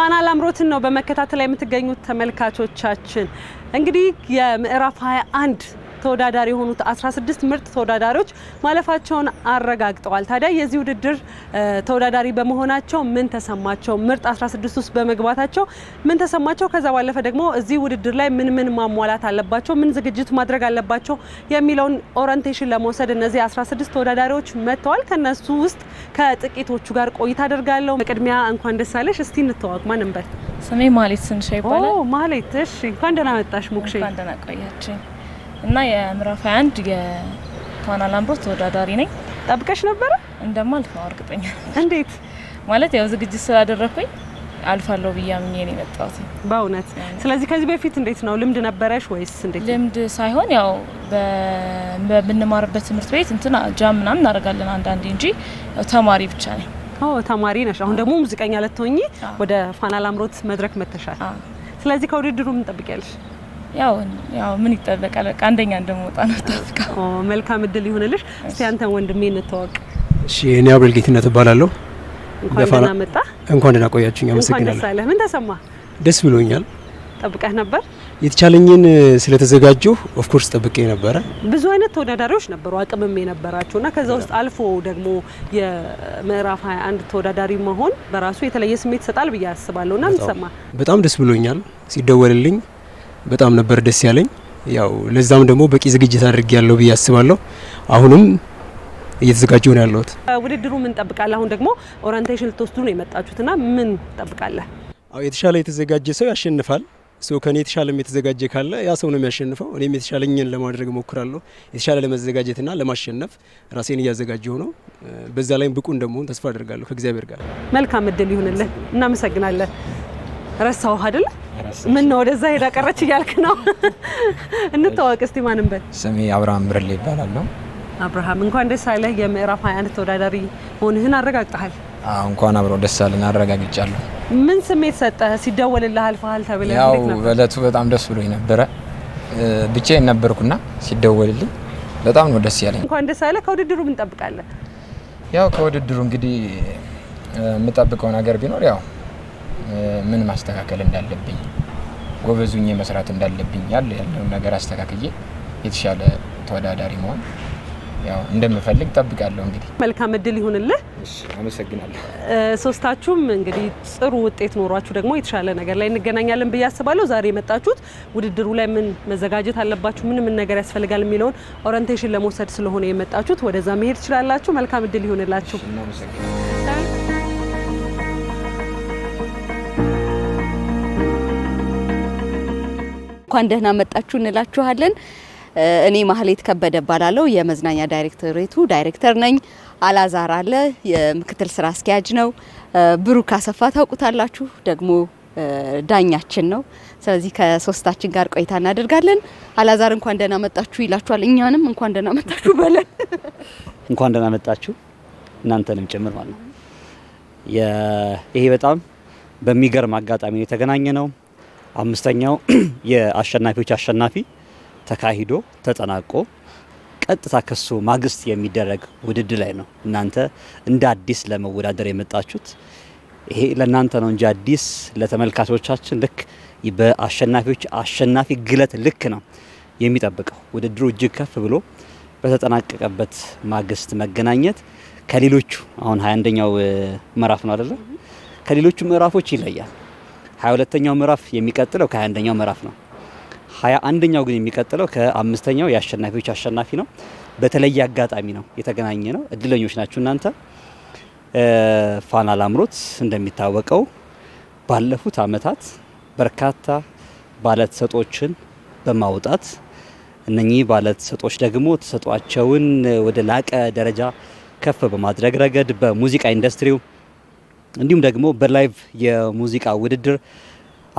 ፋና ላምሮትን ነው በመከታተል የምትገኙት ተመልካቾቻችን። እንግዲህ የምዕራፍ 21 ተወዳዳሪ የሆኑት 16 ምርጥ ተወዳዳሪዎች ማለፋቸውን አረጋግጠዋል። ታዲያ የዚህ ውድድር ተወዳዳሪ በመሆናቸው ምን ተሰማቸው? ምርጥ 16 ውስጥ በመግባታቸው ምን ተሰማቸው? ከዛ ባለፈ ደግሞ እዚህ ውድድር ላይ ምን ምን ማሟላት አለባቸው? ምን ዝግጅት ማድረግ አለባቸው? የሚለውን ኦሪንቴሽን ለመውሰድ እነዚህ 16 ተወዳዳሪዎች መጥተዋል። ከነሱ ውስጥ ከጥቂቶቹ ጋር ቆይታ አደርጋለሁ። በቅድሚያ እንኳን ደስ አለሽ። እስቲ እንተዋወቅ። ማን እንበል? ስሜ ማሌት ስንሻ ይባላል። ማሌት፣ እሺ፣ እንኳን ደህና መጣሽ እንኳን ደህና ቆያችን እና የምዕራፍ 21 የፋና ላምሮት ተወዳዳሪ ነኝ። ጠብቀሽ ነበረ? ነው እርግጠኛ። እንዴት ማለት ያው ዝግጅት ስላደረኩኝ አልፋለሁ ብዬ አምኜ ነው የመጣሁት በእውነት። ስለዚህ ከዚህ በፊት እንዴት ነው ልምድ ነበረሽ ወይስ እንዴት? ልምድ ሳይሆን ያው በምንማርበት ትምህርት ቤት እንትና ጃ ምናምን እናደርጋለን አንዳንዴ እንጂ ተማሪ ብቻ ነኝ። ተማሪ ነሽ። አሁን ደግሞ ሙዚቀኛ ልትሆኚ ወደ ፋና ላምሮት መድረክ መተሻል። ስለዚህ ከውድድሩ ምን ትጠብቂያለሽ? ያው ያው ምን ይጠበቃል? በቃ አንደኛ እንደመውጣ ነው ታስቃ። መልካም እድል ይሁንልሽ። እስቲ አንተ ወንድሜ እንተዋወቅ። እሺ እኔ አብሬል ጌትነት እባላለሁ። እንኳን ደህና መጣ። እንኳን ደህና ቆያችሁኝ። አመሰግናለሁ። ደስ አለህ። ምን ተሰማ? ደስ ብሎኛል። ጠብቀህ ነበር? የተቻለኝን ስለተዘጋጀሁ ኦፍ ኮርስ ጠብቄ ነበረ። ብዙ አይነት ተወዳዳሪዎች ነበሩ አቅምም የነበራቸው እና ከዛ ውስጥ አልፎ ደግሞ የምዕራፍ 21 ተወዳዳሪ መሆን በራሱ የተለየ ስሜት ይሰጣል ብዬ አስባለሁ። እና ምን ተሰማህ? በጣም ደስ ብሎኛል ሲደወልልኝ በጣም ነበር ደስ ያለኝ። ያው ለዛም ደግሞ በቂ ዝግጅት አድርጌ ያለው ብዬ አስባለሁ። አሁንም እየተዘጋጀሁ ነው ያለሁት። ውድድሩ ምን ጠብቃለህ? አሁን ደግሞ ኦሪንቴሽን ልትወስዱ ነው የመጣችሁትና ምን ጠብቃለህ? አዎ የተሻለ የተዘጋጀ ሰው ያሸንፋል። ሰው ከኔ የተሻለም የተዘጋጀ ካለ ያ ሰው ነው የሚያሸንፈው። እኔም የተሻለኝን ለማድረግ ሞክራለሁ። የተሻለ ለመዘጋጀትና ለማሸነፍ ራሴን እያዘጋጀሁ ነው። በዛ ላይም ብቁ እንደመሆን ተስፋ አድርጋለሁ ከእግዚአብሔር ጋር። መልካም እድል ይሁንልህ። እናመሰግናለን። ረሳሁህ አይደለም ምን ነው ወደዛ ሄዳ ቀረች እያልክ ነው? እንተዋወቅ እስቲ ማንም በል። ስሜ አብርሃም ብርሌ ይባላለሁ። አብርሃም እንኳን ደስ አለህ። የምዕራፍ 21 ተወዳዳሪ መሆንህን አረጋግጠሃል። እንኳን አብሮ ደስ አለን አረጋግጫለሁ። ምን ስሜት ሰጠህ ሲደወልልህ አልፈሃል ተብለ? ያው በእለቱ በጣም ደስ ብሎኝ ነበረ። ብቻዬን ነበርኩና ሲደወልልኝ በጣም ነው ደስ ያለኝ። እንኳን ደስ አለህ። ከውድድሩ ምን ጠብቃለህ? ያው ከውድድሩ እንግዲህ የምጠብቀው ነገር ቢኖር ያው ምን ማስተካከል እንዳለብኝ ጎበዙኝ መስራት እንዳለብኝ ያለ ያለውን ነገር አስተካክዬ የተሻለ ተወዳዳሪ መሆን ያው እንደምፈልግ ጠብቃለሁ። እንግዲህ መልካም እድል ይሁንልህ። አመሰግናለሁ። ሶስታችሁም እንግዲህ ጥሩ ውጤት ኖሯችሁ ደግሞ የተሻለ ነገር ላይ እንገናኛለን ብዬ አስባለሁ። ዛሬ የመጣችሁት ውድድሩ ላይ ምን መዘጋጀት አለባችሁ፣ ምን ምን ነገር ያስፈልጋል የሚለውን ኦሪንቴሽን ለመውሰድ ስለሆነ የመጣችሁት ወደዛ መሄድ ትችላላችሁ። መልካም እድል ይሁንላችሁ። እንኳን ደህና መጣችሁ እንላችኋለን። እኔ ማህሌት ከበደ እባላለሁ። የመዝናኛ ዳይሬክቶሬቱ ዳይሬክተር ነኝ። አላዛር አለ የምክትል ስራ አስኪያጅ ነው። ብሩክ አሰፋ ታውቁታላችሁ፣ ደግሞ ዳኛችን ነው። ስለዚህ ከሶስታችን ጋር ቆይታ እናደርጋለን። አላዛር እንኳን ደህና መጣችሁ ይላችኋል። እኛንም እንኳን ደህና መጣችሁ በለን። እንኳን ደህና መጣችሁ እናንተንም ጭምር ማለት ነው። ይሄ በጣም በሚገርም አጋጣሚ የተገናኘ ነው። አምስተኛው የአሸናፊዎች አሸናፊ ተካሂዶ ተጠናቆ ቀጥታ ከሱ ማግስት የሚደረግ ውድድር ላይ ነው። እናንተ እንደ አዲስ ለመወዳደር የመጣችሁት ይሄ ለእናንተ ነው እንጂ አዲስ ለተመልካቾቻችን ልክ በአሸናፊዎች አሸናፊ ግለት ልክ ነው የሚጠብቀው። ውድድሩ እጅግ ከፍ ብሎ በተጠናቀቀበት ማግስት መገናኘት ከሌሎቹ አሁን 21ኛው ምዕራፍ ነው አደለ? ከሌሎቹ ምዕራፎች ይለያል። 22 ምዕራፍ የሚቀጥለው ከ 21 ምዕራፍ ነው ሀያ አንደኛው ግን የሚቀጥለው ከአምስተኛው የአሸናፊዎች አሸናፊ ነው። በተለየ አጋጣሚ ነው የተገናኘ ነው። እድለኞች ናችሁ እናንተ። ፋና ላምሮት እንደሚታወቀው ባለፉት አመታት በርካታ ባለተሰጦችን በማውጣት እነኚህ ባለተሰጦች ደግሞ ተሰጧቸውን ወደ ላቀ ደረጃ ከፍ በማድረግ ረገድ በሙዚቃ ኢንዱስትሪው እንዲሁም ደግሞ በላይቭ የሙዚቃ ውድድር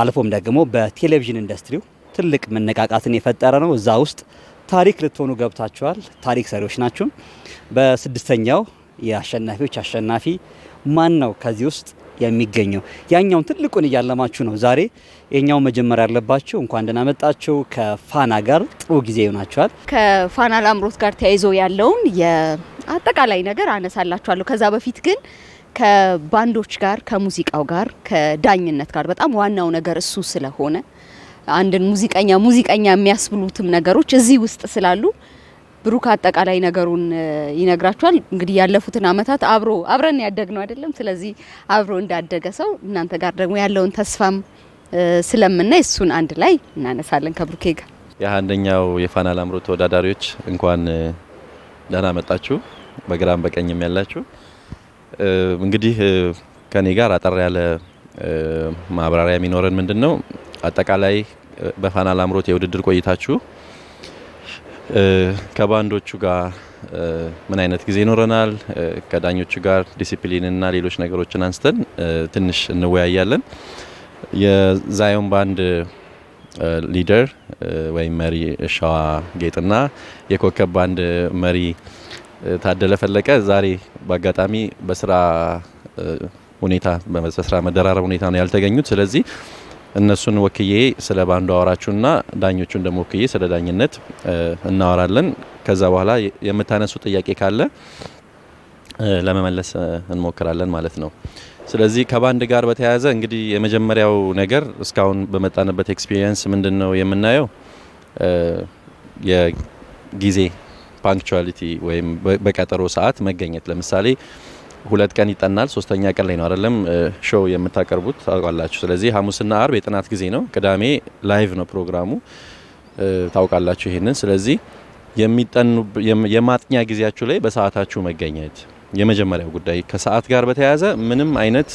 አልፎም ደግሞ በቴሌቪዥን ኢንዱስትሪው ትልቅ መነቃቃትን የፈጠረ ነው። እዛ ውስጥ ታሪክ ልትሆኑ ገብታችኋል። ታሪክ ሰሪዎች ናችሁ። በስድስተኛው የአሸናፊዎች አሸናፊ ማን ነው ከዚህ ውስጥ የሚገኘው? ያኛውን ትልቁን እያለማችሁ ነው። ዛሬ የኛው መጀመር ያለባችሁ። እንኳን ደህና መጣችሁ። ከፋና ጋር ጥሩ ጊዜ ይሆናችኋል። ከፋና ላምሮት ጋር ተያይዞ ያለውን የአጠቃላይ ነገር አነሳላችኋለሁ። ከዛ በፊት ግን ከባንዶች ጋር ከሙዚቃው ጋር ከዳኝነት ጋር በጣም ዋናው ነገር እሱ ስለሆነ አንድን ሙዚቀኛ ሙዚቀኛ የሚያስብሉትም ነገሮች እዚህ ውስጥ ስላሉ ብሩክ አጠቃላይ ነገሩን ይነግራችኋል። እንግዲህ ያለፉትን አመታት አብሮ አብረን ያደግነው አይደለም። ስለዚህ አብሮ እንዳደገ ሰው እናንተ ጋር ደግሞ ያለውን ተስፋም ስለምናይ እሱን አንድ ላይ እናነሳለን ከብሩኬ ጋር። የአንደኛው የፋና ላምሮት ተወዳዳሪዎች እንኳን ደህና መጣችሁ፣ በግራም በቀኝም ያላችሁ እንግዲህ ከኔ ጋር አጠር ያለ ማብራሪያ የሚኖረን ምንድን ነው አጠቃላይ በፋና ላምሮት የውድድር ቆይታችሁ ከባንዶቹ ጋር ምን አይነት ጊዜ ይኖረናል? ከዳኞቹ ጋር ዲሲፕሊንና ሌሎች ነገሮችን አንስተን ትንሽ እንወያያለን። የዛዮን ባንድ ሊደር ወይም መሪ ሻዋ ጌጥና የኮከብ ባንድ መሪ ታደለ ፈለቀ ዛሬ በአጋጣሚ በስራ ሁኔታ በስራ መደራረብ ሁኔታ ነው ያልተገኙት። ስለዚህ እነሱን ወክዬ ስለ ባንዱ አወራችሁና ዳኞቹን ደግሞ ወክዬ ስለ ዳኝነት እናወራለን። ከዛ በኋላ የምታነሱ ጥያቄ ካለ ለመመለስ እንሞክራለን ማለት ነው። ስለዚህ ከባንድ ጋር በተያያዘ እንግዲህ የመጀመሪያው ነገር እስካሁን በመጣንበት ኤክስፒሪየንስ ምንድን ነው የምናየው የጊዜ ፓንክቹዋሊቲ ወይም በቀጠሮ ሰዓት መገኘት ለምሳሌ ሁለት ቀን ይጠናል። ሶስተኛ ቀን ላይ ነው አይደለም ሾው የምታቀርቡት ታውቃላችሁ። ስለዚህ ሐሙስና አርብ የጥናት ጊዜ ነው። ቅዳሜ ላይቭ ነው ፕሮግራሙ ታውቃላችሁ ይሄንን። ስለዚህ የሚጠኑ የማጥኛ ጊዜያችሁ ላይ በሰዓታችሁ መገኘት የመጀመሪያው ጉዳይ። ከሰዓት ጋር በተያያዘ ምንም አይነት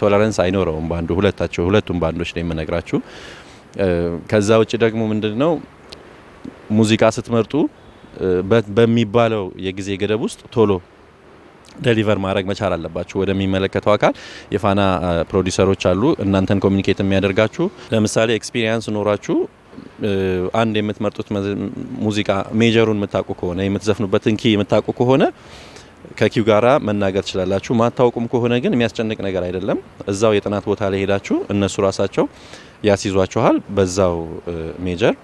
ቶለረንስ አይኖረውም ባንዱ ሁለታቸው ሁለቱም ባንዶች ነው የምነግራችሁ። ከዛ ውጭ ደግሞ ምንድን ነው ሙዚቃ ስትመርጡ በሚባለው የጊዜ ገደብ ውስጥ ቶሎ ደሊቨር ማድረግ መቻል አለባችሁ ወደሚመለከተው አካል። የፋና ፕሮዲሰሮች አሉ እናንተን ኮሚኒኬት የሚያደርጋችሁ። ለምሳሌ ኤክስፒሪየንስ ኖራችሁ አንድ የምትመርጡት ሙዚቃ ሜጀሩን የምታውቁ ከሆነ የምትዘፍኑበትን ኪ የምታውቁ ከሆነ ከኪው ጋራ መናገር ትችላላችሁ። ማታውቁም ከሆነ ግን የሚያስጨንቅ ነገር አይደለም። እዛው የጥናት ቦታ ላይ ሄዳችሁ እነሱ ራሳቸው ያስይዟችኋል በዛው ሜጀር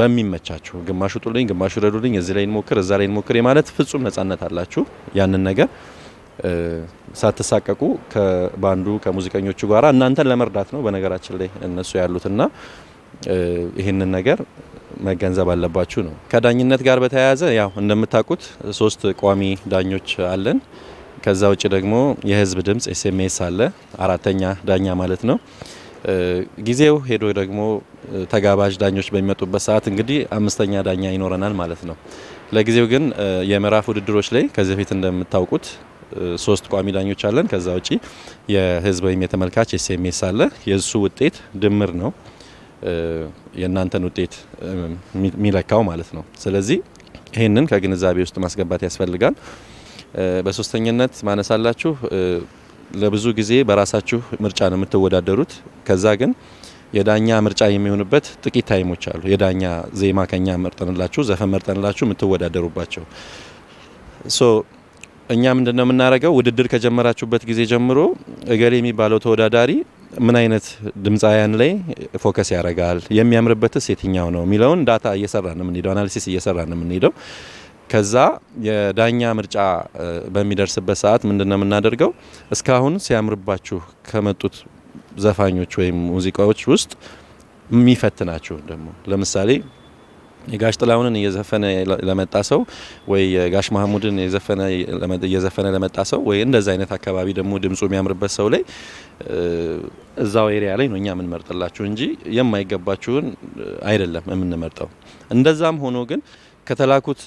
በሚመቻችሁ ግማሹ ጡልኝ፣ ግማሹ ረዱልኝ፣ እዚህ ላይ እንሞክር፣ እዛ ላይ እንሞክር የማለት ፍጹም ነጻነት አላችሁ። ያንን ነገር ሳትሳቀቁ ከባንዱ ከሙዚቀኞቹ ጋራ እናንተን ለመርዳት ነው በነገራችን ላይ እነሱ ያሉትና ይህንን ነገር መገንዘብ አለባችሁ ነው። ከዳኝነት ጋር በተያያዘ ያው እንደምታውቁት ሶስት ቋሚ ዳኞች አለን። ከዛ ውጭ ደግሞ የህዝብ ድምፅ ኤስኤምኤስ አለ፣ አራተኛ ዳኛ ማለት ነው። ጊዜው ሄዶ ደግሞ ተጋባዥ ዳኞች በሚመጡበት ሰዓት እንግዲህ አምስተኛ ዳኛ ይኖረናል ማለት ነው። ለጊዜው ግን የምዕራፍ ውድድሮች ላይ ከዚህ በፊት እንደምታውቁት ሶስት ቋሚ ዳኞች አለን። ከዛ ውጪ የህዝብ ወይም የተመልካች ኤስኤምኤስ አለ። የእሱ ውጤት ድምር ነው የእናንተን ውጤት የሚለካው ማለት ነው። ስለዚህ ይህንን ከግንዛቤ ውስጥ ማስገባት ያስፈልጋል። በሶስተኝነት ማነሳላችሁ ለብዙ ጊዜ በራሳችሁ ምርጫ ነው የምትወዳደሩት። ከዛ ግን የዳኛ ምርጫ የሚሆንበት ጥቂት ታይሞች አሉ። የዳኛ ዜማ ከኛ መርጠንላችሁ፣ ዘፈን መርጠንላችሁ የምትወዳደሩባቸው ሶ እኛ ምንድን ነው የምናደርገው? ውድድር ከጀመራችሁበት ጊዜ ጀምሮ እገሌ የሚባለው ተወዳዳሪ ምን አይነት ድምፃውያን ላይ ፎከስ ያደርጋል፣ የሚያምርበትስ የትኛው ነው የሚለውን ዳታ እየሰራ ነው የምንሄደው፣ አናሊሲስ እየሰራ ነው የምንሄደው። ከዛ የዳኛ ምርጫ በሚደርስበት ሰዓት ምንድነው የምናደርገው? እስካሁን ሲያምርባችሁ ከመጡት ዘፋኞች ወይም ሙዚቃዎች ውስጥ የሚፈትናችሁ ደግሞ ለምሳሌ የጋሽ ጥላሁንን እየዘፈነ ለመጣ ሰው ወይ የጋሽ ማህሙድን እየዘፈነ ለመጣ ሰው ወይ እንደዛ አይነት አካባቢ ደግሞ ድምፁ የሚያምርበት ሰው ላይ እዛው ኤሪያ ላይ ነው እኛ የምንመርጥላችሁ እንጂ የማይገባችሁን አይደለም የምንመርጠው። እንደዛም ሆኖ ግን ከተላኩት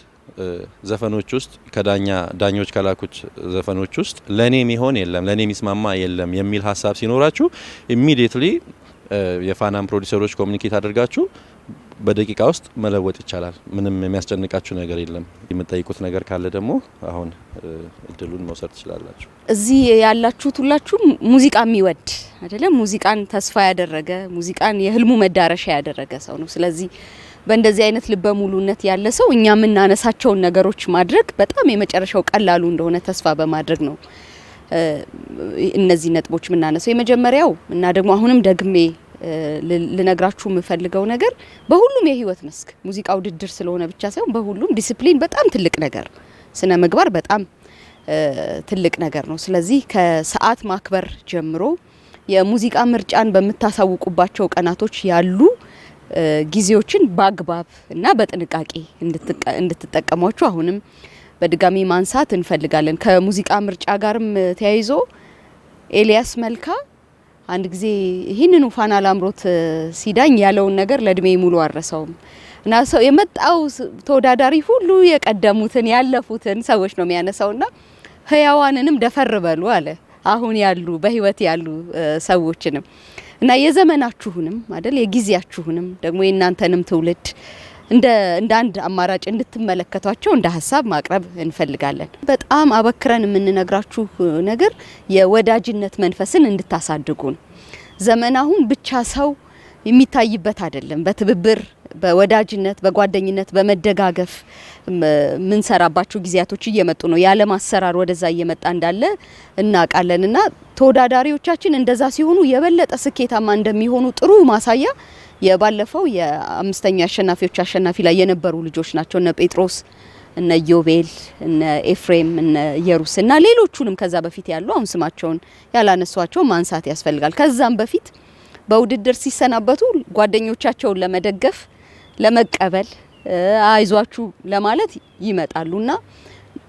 ዘፈኖች ውስጥ ከዳኛ ዳኞች ከላኩት ዘፈኖች ውስጥ ለእኔ የሚሆን የለም ለእኔ የሚስማማ የለም የሚል ሀሳብ ሲኖራችሁ ኢሚዲየትሊ የፋናም ፕሮዲሰሮች ኮሚኒኬት አድርጋችሁ በደቂቃ ውስጥ መለወጥ ይቻላል። ምንም የሚያስጨንቃችሁ ነገር የለም። የምጠይቁት ነገር ካለ ደግሞ አሁን እድሉን መውሰድ ትችላላችሁ። እዚህ ያላችሁት ሁላችሁም ሙዚቃ የሚወድ አይደለም፣ ሙዚቃን ተስፋ ያደረገ ሙዚቃን የህልሙ መዳረሻ ያደረገ ሰው ነው። ስለዚህ በእንደዚህ አይነት ልበ ሙሉነት ያለ ሰው እኛ የምናነሳቸውን ነገሮች ማድረግ በጣም የመጨረሻው ቀላሉ እንደሆነ ተስፋ በማድረግ ነው እነዚህ ነጥቦች የምናነሳው። የመጀመሪያው እና ደግሞ አሁንም ደግሜ ልነግራችሁ የምፈልገው ነገር በሁሉም የህይወት መስክ ሙዚቃ ውድድር ስለሆነ ብቻ ሳይሆን በሁሉም ዲሲፕሊን በጣም ትልቅ ነገር፣ ስነ ምግባር በጣም ትልቅ ነገር ነው። ስለዚህ ከሰዓት ማክበር ጀምሮ የሙዚቃ ምርጫን በምታሳውቁባቸው ቀናቶች ያሉ ጊዜዎችን በአግባብ እና በጥንቃቄ እንድትጠቀሟቸው አሁንም በድጋሚ ማንሳት እንፈልጋለን። ከሙዚቃ ምርጫ ጋርም ተያይዞ ኤልያስ መልካ አንድ ጊዜ ይህንን ፋና ላምሮት ሲዳኝ ያለውን ነገር ለእድሜ ሙሉ አረሰውም እና ሰው የመጣው ተወዳዳሪ ሁሉ የቀደሙትን ያለፉትን ሰዎች ነው የሚያነሳውና ህያዋንንም ደፈር በሉ አለ። አሁን ያሉ በህይወት ያሉ ሰዎችንም እና የዘመናችሁንም አይደል የጊዜያችሁንም ደግሞ የእናንተንም ትውልድ እንደ አንድ አማራጭ እንድትመለከቷቸው እንደ ሀሳብ ማቅረብ እንፈልጋለን። በጣም አበክረን የምንነግራችሁ ነገር የወዳጅነት መንፈስን እንድታሳድጉ ዘመናሁን ዘመን አሁን ብቻ ሰው የሚታይበት አይደለም። በትብብር በወዳጅነት በጓደኝነት በመደጋገፍ የምንሰራባቸው ጊዜያቶች እየመጡ ነው። የዓለም አሰራር ወደዛ እየመጣ እንዳለ እናውቃለን እና ተወዳዳሪዎቻችን እንደዛ ሲሆኑ የበለጠ ስኬታማ እንደሚሆኑ ጥሩ ማሳያ የባለፈው የአምስተኛ አሸናፊዎች አሸናፊ ላይ የነበሩ ልጆች ናቸው እነ ጴጥሮስ እነ ዮቤል እነ ኤፍሬም እነ ኢየሩስ እና ሌሎቹንም ከዛ በፊት ያሉ አሁን ስማቸውን ያላነሷቸው ማንሳት ያስፈልጋል። ከዛም በፊት በውድድር ሲሰናበቱ ጓደኞቻቸውን ለመደገፍ ለመቀበል አይዟችሁ ለማለት ይመጣሉና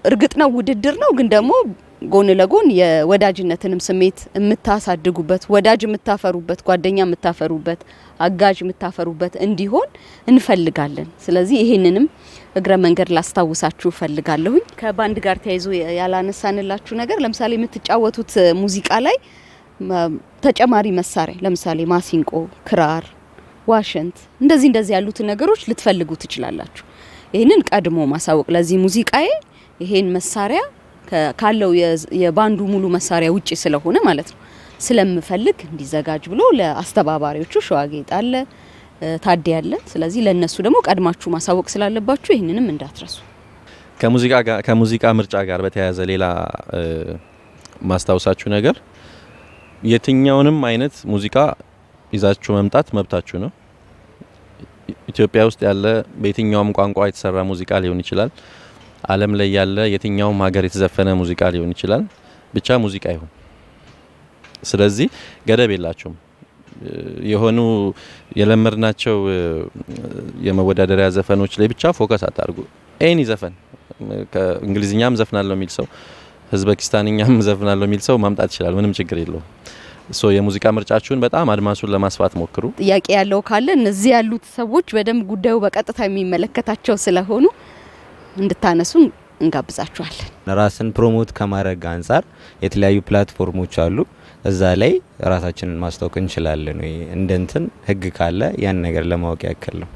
እርግጥ ነው ውድድር ነው፣ ግን ደግሞ ጎን ለጎን የወዳጅነትንም ስሜት የምታሳድጉበት ወዳጅ የምታፈሩበት ጓደኛ የምታፈሩበት አጋዥ የምታፈሩበት እንዲሆን እንፈልጋለን። ስለዚህ ይሄንንም እግረ መንገድ ላስታውሳችሁ እፈልጋለሁኝ። ከባንድ ጋር ተያይዞ ያላነሳንላችሁ ነገር ለምሳሌ የምትጫወቱት ሙዚቃ ላይ ተጨማሪ መሳሪያ ለምሳሌ ማሲንቆ፣ ክራር ዋሽንት፣ እንደዚህ እንደዚህ ያሉትን ነገሮች ልትፈልጉ ትችላላችሁ። ይህንን ቀድሞ ማሳወቅ ለዚህ ሙዚቃዬ ይሄን መሳሪያ ካለው የባንዱ ሙሉ መሳሪያ ውጪ ስለሆነ ማለት ነው ስለምፈልግ እንዲዘጋጅ ብሎ ለአስተባባሪዎቹ ሸዋጌጥ አለ ታዴ ያለ። ስለዚህ ለእነሱ ደግሞ ቀድማችሁ ማሳወቅ ስላለባችሁ ይህንንም እንዳትረሱ። ከሙዚቃ ምርጫ ጋር በተያያዘ ሌላ ማስታወሳችሁ ነገር የትኛውንም አይነት ሙዚቃ ይዛችሁ መምጣት መብታችሁ ነው። ኢትዮጵያ ውስጥ ያለ በየትኛውም ቋንቋ የተሰራ ሙዚቃ ሊሆን ይችላል። ዓለም ላይ ያለ የትኛውም ሀገር የተዘፈነ ሙዚቃ ሊሆን ይችላል። ብቻ ሙዚቃ ይሁን። ስለዚህ ገደብ የላቸውም። የሆኑ የለመድናቸው የመወዳደሪያ ዘፈኖች ላይ ብቻ ፎከስ አታርጉ። ኤኒ ዘፈን ከእንግሊዝኛም ዘፍናለሁ የሚል ሰው፣ ህዝበኪስታንኛም ዘፍናለሁ የሚል ሰው ማምጣት ይችላል። ምንም ችግር የለውም። የሙዚቃ ምርጫችሁን በጣም አድማሱን ለማስፋት ሞክሩ። ጥያቄ ያለው ካለ እነዚህ ያሉት ሰዎች በደንብ ጉዳዩ በቀጥታ የሚመለከታቸው ስለሆኑ እንድታነሱ እንጋብዛችኋለን። ራስን ፕሮሞት ከማድረግ አንጻር የተለያዩ ፕላትፎርሞች አሉ። እዛ ላይ ራሳችንን ማስታወቅ እንችላለን ወይ? እንደንትን ህግ ካለ ያን ነገር ለማወቅ ያክል ነው።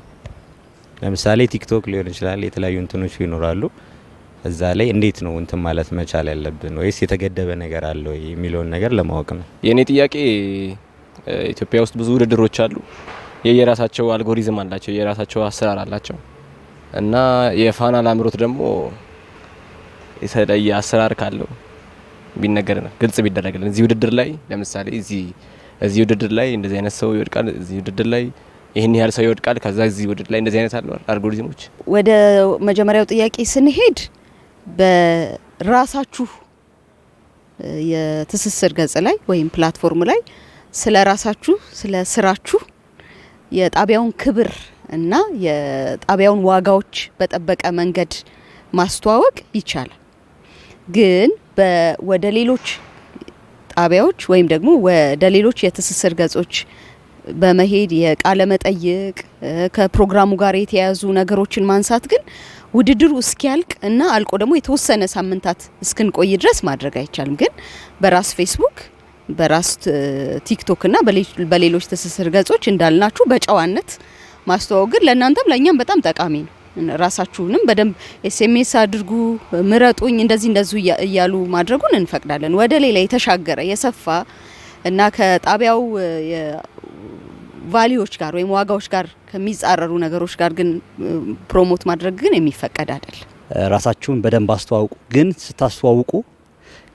ለምሳሌ ቲክቶክ ሊሆን ይችላል። የተለያዩ እንትኖች ይኖራሉ። እዛ ላይ እንዴት ነው እንትን ማለት መቻል ያለብን ወይስ የተገደበ ነገር አለ ወይ የሚለውን ነገር ለማወቅ ነው የእኔ ጥያቄ። ኢትዮጵያ ውስጥ ብዙ ውድድሮች አሉ። የየራሳቸው አልጎሪዝም አላቸው፣ የየራሳቸው አሰራር አላቸው እና የፋና ላምሮት ደግሞ የተለየ አሰራር ካለው ቢነገር ነው ግልጽ ቢደረግልን እዚህ ውድድር ላይ ለምሳሌ እዚህ ውድድር ላይ እንደዚህ አይነት ሰው ይወድቃል፣ እዚህ ውድድር ላይ ይህን ያህል ሰው ይወድቃል፣ ከዛ እዚህ ውድድር ላይ እንደዚህ አይነት አሉ አልጎሪዝሞች። ወደ መጀመሪያው ጥያቄ ስንሄድ በራሳችሁ የትስስር ገጽ ላይ ወይም ፕላትፎርም ላይ ስለ ራሳችሁ ስለ ስራችሁ የጣቢያውን ክብር እና የጣቢያውን ዋጋዎች በጠበቀ መንገድ ማስተዋወቅ ይቻላል። ግን ወደ ሌሎች ጣቢያዎች ወይም ደግሞ ወደ ሌሎች የትስስር ገጾች በመሄድ የቃለ መጠይቅ ከፕሮግራሙ ጋር የተያያዙ ነገሮችን ማንሳት ግን ውድድሩ እስኪያልቅ እና አልቆ ደግሞ የተወሰነ ሳምንታት እስክንቆይ ድረስ ማድረግ አይቻልም። ግን በራስ ፌስቡክ በራስ ቲክቶክ እና በሌሎች ትስስር ገጾች እንዳልናችሁ በጨዋነት ማስተዋወቅ ግን ለእናንተም ለእኛም በጣም ጠቃሚ ነው። ራሳችሁንም በደንብ ኤስኤምኤስ አድርጉ፣ ምረጡኝ፣ እንደዚህ እንደዙ እያሉ ማድረጉን እንፈቅዳለን። ወደ ሌላ የተሻገረ የሰፋ እና ከጣቢያው ቫሊዎች ጋር ወይም ዋጋዎች ጋር ከሚጻረሩ ነገሮች ጋር ግን ፕሮሞት ማድረግ ግን የሚፈቀድ አይደለም። ራሳችሁን በደንብ አስተዋውቁ። ግን ስታስተዋውቁ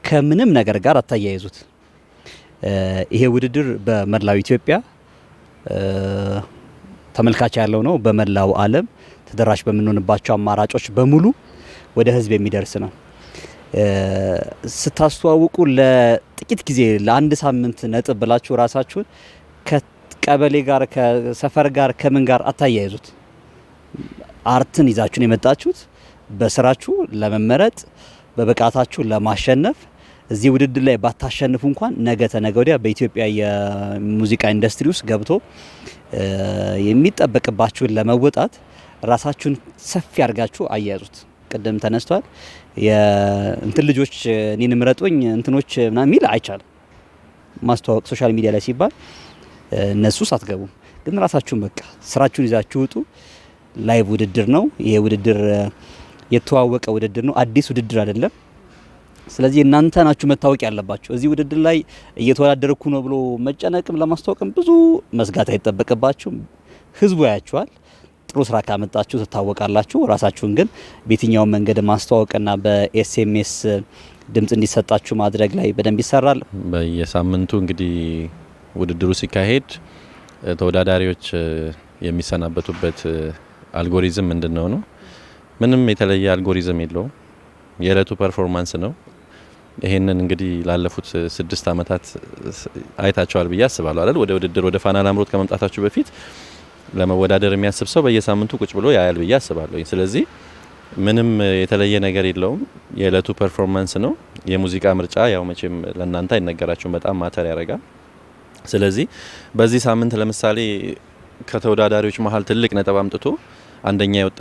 ከምንም ነገር ጋር አታያይዙት። ይሄ ውድድር በመላው ኢትዮጵያ ተመልካች ያለው ነው። በመላው ዓለም ተደራሽ በምንሆንባቸው አማራጮች በሙሉ ወደ ህዝብ የሚደርስ ነው። ስታስተዋውቁ ለጥቂት ጊዜ ለአንድ ሳምንት ነጥብ ብላችሁ ራሳችሁን ቀበሌ ጋር ከሰፈር ጋር ከምን ጋር አታያይዙት። አርትን ይዛችሁን የመጣችሁት በስራችሁ ለመመረጥ በብቃታችሁ ለማሸነፍ እዚህ ውድድር ላይ ባታሸንፉ እንኳን ነገ ተነገ ወዲያ በኢትዮጵያ የሙዚቃ ኢንዱስትሪ ውስጥ ገብቶ የሚጠበቅባችሁን ለመወጣት ራሳችሁን ሰፊ አድርጋችሁ አያያዙት። ቅድም ተነስቷል እንትን ልጆች እኔን ምረጡኝ እንትኖች ምናምን የሚል አይቻልም። ማስተዋወቅ ሶሻል ሚዲያ ላይ ሲባል እነሱ ሳትገቡም ግን ራሳችሁን በቃ ስራችሁን ይዛችሁ ውጡ። ላይቭ ውድድር ነው። ይሄ ውድድር የተዋወቀ ውድድር ነው። አዲስ ውድድር አይደለም። ስለዚህ እናንተ ናችሁ መታወቂያ ያለባችሁ። እዚህ ውድድር ላይ እየተወዳደርኩ ነው ብሎ መጨነቅም ለማስታወቅም ብዙ መስጋት አይጠበቅባችሁም። ህዝቡ ያያችኋል። ጥሩ ስራ ካመጣችሁ ትታወቃላችሁ። ራሳችሁን ግን በየትኛውን መንገድ ማስተዋወቅና በኤስኤምኤስ ድምጽ እንዲሰጣችሁ ማድረግ ላይ በደንብ ይሰራል። በየሳምንቱ እንግዲህ ውድድሩ ሲካሄድ ተወዳዳሪዎች የሚሰናበቱበት አልጎሪዝም ምንድን ነው ነው? ምንም የተለየ አልጎሪዝም የለውም። የእለቱ ፐርፎርማንስ ነው። ይሄንን እንግዲህ ላለፉት ስድስት ዓመታት አይታቸዋል ብዬ አስባለሁ አይደል? ወደ ውድድር ወደ ፋና ላምሮት ከመምጣታችሁ በፊት ለመወዳደር የሚያስብ ሰው በየሳምንቱ ቁጭ ብሎ ያያል ብዬ አስባለሁ። ስለዚህ ምንም የተለየ ነገር የለውም። የእለቱ ፐርፎርማንስ ነው። የሙዚቃ ምርጫ ያው መቼም ለእናንተ አይነገራችሁም፣ በጣም ማተር ያደርጋል። ስለዚህ በዚህ ሳምንት ለምሳሌ ከተወዳዳሪዎች መሀል ትልቅ ነጥብ አምጥቶ አንደኛ የወጣ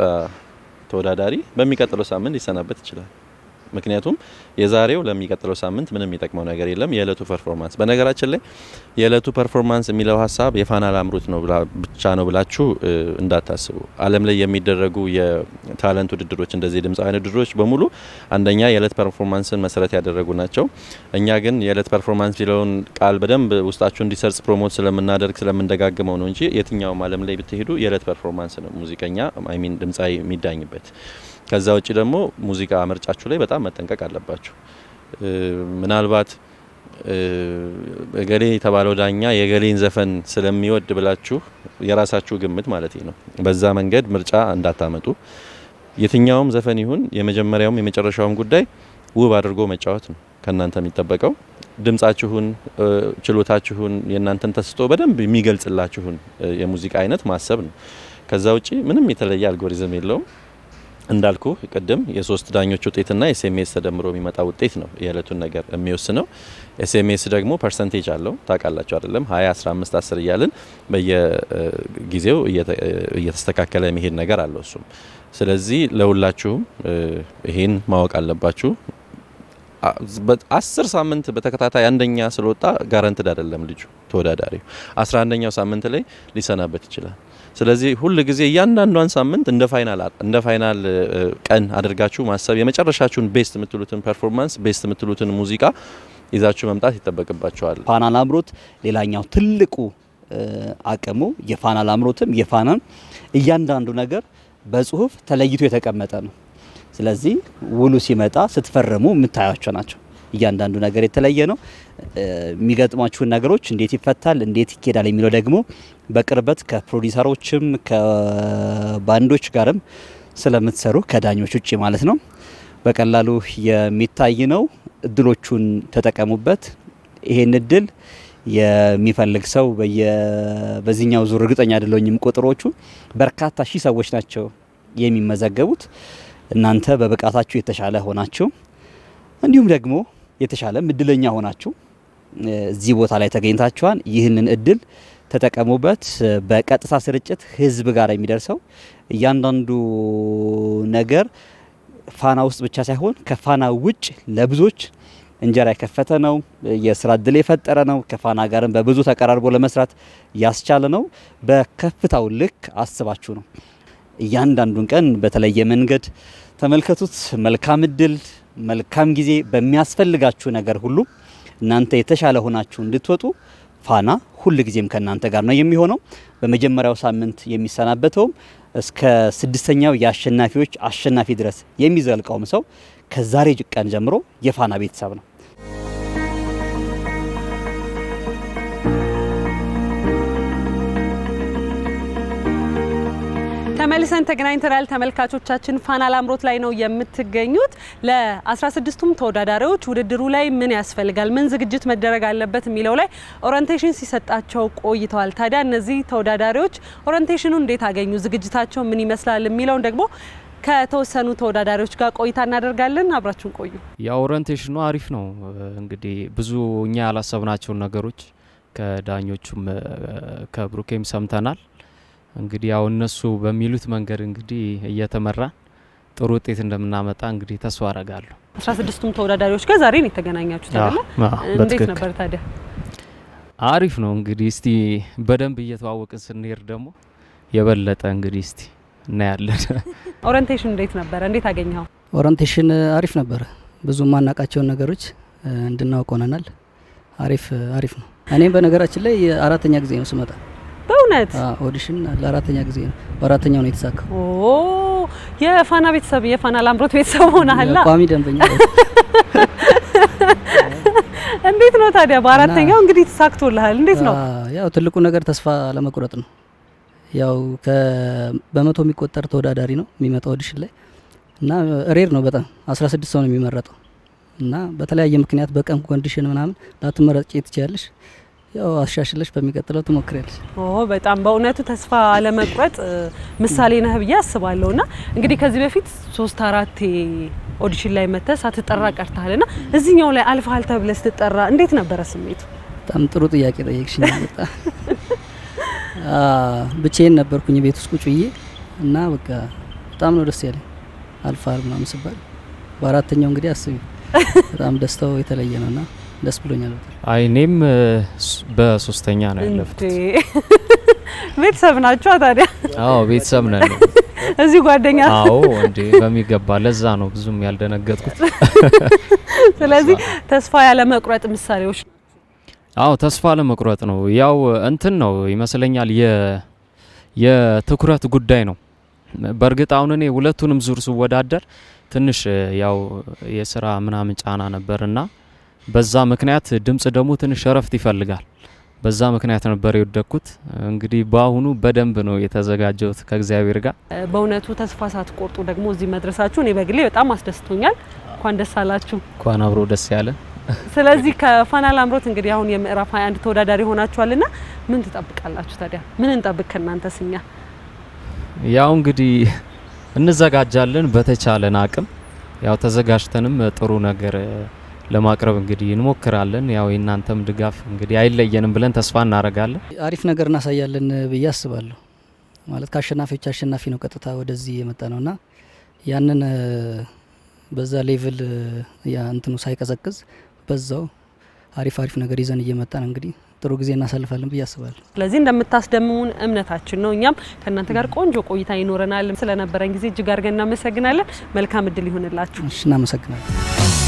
ተወዳዳሪ በሚቀጥለው ሳምንት ሊሰናበት ይችላል። ምክንያቱም የዛሬው ለሚቀጥለው ሳምንት ምንም የሚጠቅመው ነገር የለም። የእለቱ ፐርፎርማንስ በነገራችን ላይ የእለቱ ፐርፎርማንስ የሚለው ሀሳብ የፋና ላምሮት ነው ብቻ ነው ብላችሁ እንዳታስቡ። ዓለም ላይ የሚደረጉ የታለንት ውድድሮች እንደዚህ ድምፃውያን ውድድሮች በሙሉ አንደኛ የእለት ፐርፎርማንስን መሰረት ያደረጉ ናቸው። እኛ ግን የእለት ፐርፎርማንስ የሚለውን ቃል በደንብ ውስጣችሁ እንዲሰርጽ ፕሮሞት ስለምናደርግ ስለምንደጋግመው ነው እንጂ የትኛውም ዓለም ላይ ብትሄዱ የእለት ፐርፎርማንስ ነው ሙዚቀኛ አይሚን ድምፃዊ የሚዳኝበት ከዛ ውጭ ደግሞ ሙዚቃ ምርጫችሁ ላይ በጣም መጠንቀቅ አለባችሁ። ምናልባት እገሌ የተባለው ዳኛ የገሌን ዘፈን ስለሚወድ ብላችሁ የራሳችሁ ግምት ማለት ነው፣ በዛ መንገድ ምርጫ እንዳታመጡ። የትኛውም ዘፈን ይሁን የመጀመሪያውም የመጨረሻውም ጉዳይ ውብ አድርጎ መጫወት ነው ከእናንተ የሚጠበቀው። ድምጻችሁን፣ ችሎታችሁን፣ የእናንተን ተስጦ በደንብ የሚገልጽላችሁን የሙዚቃ አይነት ማሰብ ነው። ከዛ ውጭ ምንም የተለየ አልጎሪዝም የለውም። እንዳልኩ ቅድም የሶስት ዳኞች ውጤትና ኤስኤምኤስ ተደምሮ የሚመጣ ውጤት ነው የዕለቱን ነገር የሚወስነው። ኤስኤምኤስ ደግሞ ፐርሰንቴጅ አለው ታውቃላችሁ አይደለም? 20 15 አስር እያልን በየጊዜው እየተስተካከለ መሄድ ነገር አለው እሱም። ስለዚህ ለሁላችሁም ይሄን ማወቅ አለባችሁ። አስር ሳምንት በተከታታይ አንደኛ ስለወጣ ጋረንትድ አይደለም ልጁ ተወዳዳሪው። አስራ አንደኛው ሳምንት ላይ ሊሰናበት ይችላል። ስለዚህ ሁል ጊዜ እያንዳንዷን ሳምንት እንደ ፋይናል እንደ ፋይናል ቀን አድርጋችሁ ማሰብ የመጨረሻችሁን ቤስት የምትሉትን ፐርፎርማንስ ቤስት የምትሉትን ሙዚቃ ይዛችሁ መምጣት ይጠበቅባቸዋል። ፋና ላምሮት ሌላኛው ትልቁ አቅሙ የፋና ላምሮትም የፋናን እያንዳንዱ ነገር በጽሁፍ ተለይቶ የተቀመጠ ነው። ስለዚህ ውሉ ሲመጣ ስትፈርሙ የምታያቸው ናቸው። እያንዳንዱ ነገር የተለየ ነው። የሚገጥሟችሁን ነገሮች እንዴት ይፈታል፣ እንዴት ይኬዳል የሚለው ደግሞ በቅርበት ከፕሮዲሰሮችም ከባንዶች ጋርም ስለምትሰሩ ከዳኞች ውጭ ማለት ነው በቀላሉ የሚታይ ነው። እድሎቹን ተጠቀሙበት። ይሄን እድል የሚፈልግ ሰው በዚህኛው ዙር እርግጠኛ አይደለሁም፣ ቁጥሮቹ በርካታ ሺህ ሰዎች ናቸው የሚመዘገቡት። እናንተ በብቃታችሁ የተሻለ ሆናችሁ እንዲሁም ደግሞ የተሻለ እድለኛ ሆናችሁ እዚህ ቦታ ላይ ተገኝታችኋል። ይህንን እድል ተጠቀሙበት። በቀጥታ ስርጭት ህዝብ ጋር የሚደርሰው እያንዳንዱ ነገር ፋና ውስጥ ብቻ ሳይሆን ከፋና ውጭ ለብዙዎች እንጀራ የከፈተ ነው። የስራ እድል የፈጠረ ነው። ከፋና ጋርም በብዙ ተቀራርቦ ለመስራት ያስቻለ ነው። በከፍታው ልክ አስባችሁ ነው። እያንዳንዱን ቀን በተለየ መንገድ ተመልከቱት። መልካም እድል መልካም ጊዜ። በሚያስፈልጋችሁ ነገር ሁሉ እናንተ የተሻለ ሆናችሁ እንድትወጡ ፋና ሁል ጊዜም ከእናንተ ጋር ነው የሚሆነው። በመጀመሪያው ሳምንት የሚሰናበተውም እስከ ስድስተኛው የአሸናፊዎች አሸናፊ ድረስ የሚዘልቀውም ሰው ከዛሬ ቀን ጀምሮ የፋና ቤተሰብ ነው። ተመልሰን ተገናኝተናል። ተመልካቾቻችን ፋና ላምሮት ላይ ነው የምትገኙት። ለ16ቱም ተወዳዳሪዎች ውድድሩ ላይ ምን ያስፈልጋል፣ ምን ዝግጅት መደረግ አለበት የሚለው ላይ ኦሪንቴሽን ሲሰጣቸው ቆይተዋል። ታዲያ እነዚህ ተወዳዳሪዎች ኦሪንቴሽኑ እንዴት አገኙ፣ ዝግጅታቸው ምን ይመስላል የሚለውን ደግሞ ከተወሰኑ ተወዳዳሪዎች ጋር ቆይታ እናደርጋለን። አብራችሁን ቆዩ። ያው ኦሪንቴሽኑ አሪፍ ነው። እንግዲህ ብዙ እኛ ያላሰብናቸውን ነገሮች ከዳኞቹም ከብሩኬም ሰምተናል። እንግዲህ ያው እነሱ በሚሉት መንገድ እንግዲህ እየተመራን ጥሩ ውጤት እንደምናመጣ እንግዲህ ተስፋ አረጋለሁ። አስራ ስድስቱም ተወዳዳሪዎች ጋር ዛሬ ነው የተገናኛችሁት አይደለ? እንዴት ነበር ታዲያ? አሪፍ ነው እንግዲህ እስቲ በደንብ እየተዋወቅን ስንሄድ ደግሞ የበለጠ እንግዲህ እስቲ እናያለን። ኦሪንቴሽን እንዴት ነበረ? እንዴት አገኘኸው? ኦሪንቴሽን አሪፍ ነበረ። ብዙ ማናቃቸውን ነገሮች እንድናውቅ ሆነናል። አሪፍ አሪፍ ነው። እኔም በነገራችን ላይ አራተኛ ጊዜ ነው ስመጣ በእውነት ኦዲሽን ለአራተኛ ጊዜ ነው። በአራተኛው ነው የተሳካው። የፋና ቤተሰብ የፋና ላምሮት ቤተሰብ ሆነሃል፣ ቋሚ ደንበኛ። እንዴት ነው ታዲያ በአራተኛው እንግዲህ ተሳክቶልሃል። እንዴት ነው? ያው ትልቁ ነገር ተስፋ ለመቁረጥ ነው። ያው በመቶ የሚቆጠር ተወዳዳሪ ነው የሚመጣው ኦዲሽን ላይ እና ሬር ነው በጣም 16 ሰው ነው የሚመረጠው እና በተለያየ ምክንያት በቀን ኮንዲሽን ምናምን ላትመረጭ ትችያለሽ ያው አሻሽለሽ በሚቀጥለው ትሞክሪያለሽ። ኦ በጣም በእውነቱ ተስፋ አለመቁረጥ ምሳሌ ነህ ብዬ አስባለሁ። ና እንግዲህ ከዚህ በፊት ሶስት አራቴ ኦዲሽን ላይ መተስ ሳትጠራ ቀርተሃል ና እዚህኛው ላይ አልፈሃል ተብለህ ስትጠራ እንዴት ነበረ ስሜቱ? በጣም ጥሩ ጥያቄ ጠየቅሽኝ። በጣም ብቻዬን ነበርኩኝ ቤት ውስጥ ቁጭ ብዬ እና በቃ በጣም ነው ደስ ያለኝ አልፈሃል ምናምን ስባል በአራተኛው እንግዲህ አስቢ በጣም ደስታው የተለየ ነውና ደስ ብሎኛል። አይ እኔም በሶስተኛ ነው ያለፍኩት። ቤተሰብ ናቸው ታዲያ? አዎ ቤተሰብ ነን። እዚህ ጓደኛ? አዎ እንዴ በሚገባ። ለዛ ነው ብዙም ያልደነገጥኩት። ስለዚህ ተስፋ ያለ መቁረጥ ምሳሌዎች? አዎ ተስፋ ለመቁረጥ ነው። ያው እንትን ነው ይመስለኛል የትኩረት ጉዳይ ነው። በእርግጥ አሁን እኔ ሁለቱንም ዙር ስወዳደር ትንሽ ያው የስራ ምናምን ጫና ነበርና በዛ ምክንያት ድምጽ ደግሞ ትንሽ እረፍት ይፈልጋል። በዛ ምክንያት ነበር የወደኩት። እንግዲህ በአሁኑ በደንብ ነው የተዘጋጀሁት ከእግዚአብሔር ጋር። በእውነቱ ተስፋ ሳትቆርጡ ደግሞ እዚህ መድረሳችሁ እኔ በግሌ በጣም አስደስቶኛል። እንኳን ደስ አላችሁ። እንኳን አብሮ ደስ ያለ። ስለዚህ ከፋና ላምሮት እንግዲህ አሁን የምዕራፍ 21 ተወዳዳሪ ና ምን ትጠብቃላችሁ ታዲያ? ምን እንጠብቅ ከእናንተ ስኛ? ያው እንግዲህ እንዘጋጃለን በተቻለን አቅም ያው ተዘጋጅተንም ጥሩ ነገር ለማቅረብ እንግዲህ እንሞክራለን። ያው የእናንተም ድጋፍ እንግዲህ አይለየንም ብለን ተስፋ እናደርጋለን። አሪፍ ነገር እናሳያለን ብዬ አስባለሁ። ማለት ከአሸናፊዎች አሸናፊ ነው ቀጥታ ወደዚህ የመጣ ነውና ያንን በዛ ሌቭል እንትኑ ሳይቀዘቅዝ በዛው አሪፍ አሪፍ ነገር ይዘን እየመጣን እንግዲህ ጥሩ ጊዜ እናሳልፋለን ብዬ አስባለሁ። ስለዚህ እንደምታስደምሙን እምነታችን ነው። እኛም ከእናንተ ጋር ቆንጆ ቆይታ ይኖረናል። ስለነበረን ጊዜ እጅግ አድርገን እናመሰግናለን። መልካም እድል ይሆንላችሁ። እናመሰግናለን።